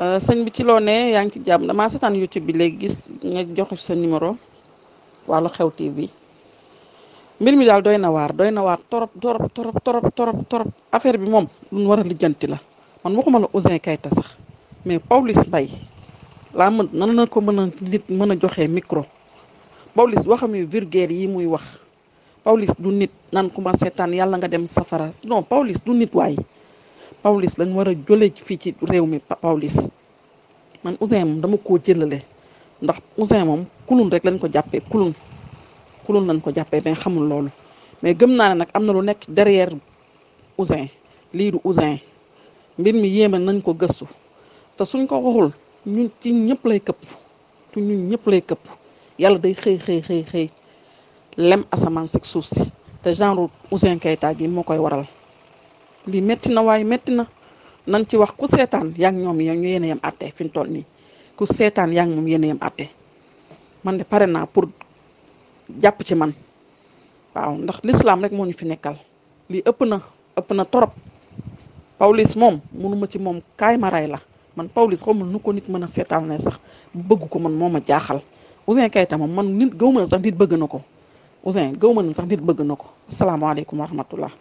Euh, sëñ bi ci loo ne yaa ngi ci jàmm damaa seetaan YouTube bi léegi gis nga joxe sa numéro wàllu xew TV mbir mi daal doy na waar doy na waar torop torop torop torop torop torop affaire bi moom luñ war a lijjanti la man waxuma la Ouzin Keita sax mais Pawlish bay laa mën nan na ko mën a nit mën a joxe micro Pawlish waxam yu vulgaire yi muy wax Pawlish du nit nan ku ma seetaan yàlla nga dem safara non Pawlish du nit waaye Pawlish lañ war a jëlee fii ci réew mi Pawlish man Ouzin moom dama koo jëlale ndax Ouzin moom kulun rek lañ ko jàppee kulun kulun lañ ko jàppee mais xamul loolu mais gëm naa ne nag am na lu nekk derrière Ouzin lii du Ouzin mbir mi yéeme nañ ko gëstu te suñ ko waxul ñun ci ñëpp lay këpp ci ñun ñëpp lay këpp yàlla day xëy xëy xëy xëy lem asamaan si suuf si te genre Ouzin Keita gi moo koy waral. lii metti na waaye metti na nan ci wax ku seetaan yaa ngi ñoom yéen a yem àtte fi mu toll nii ku seetaan yaa ngi moom yéen a yem man de pare naa pour jàpp ci man waaw ndax l'islam rek moo ñu fi nekkal lii ëpp na ëpp na torop Pawlish moom mënuma ci moom kaay ma ray la man Pawlish xamul nu ko nit mën a seetaan ne sax bëgg ko man moo ma jaaxal Ouzin Keita moom man nit gëw ma sax nit bëgg na ko Ouzin gëw ma ne sax nit bëgg na ko asalaamaaleykum wa rahmatullah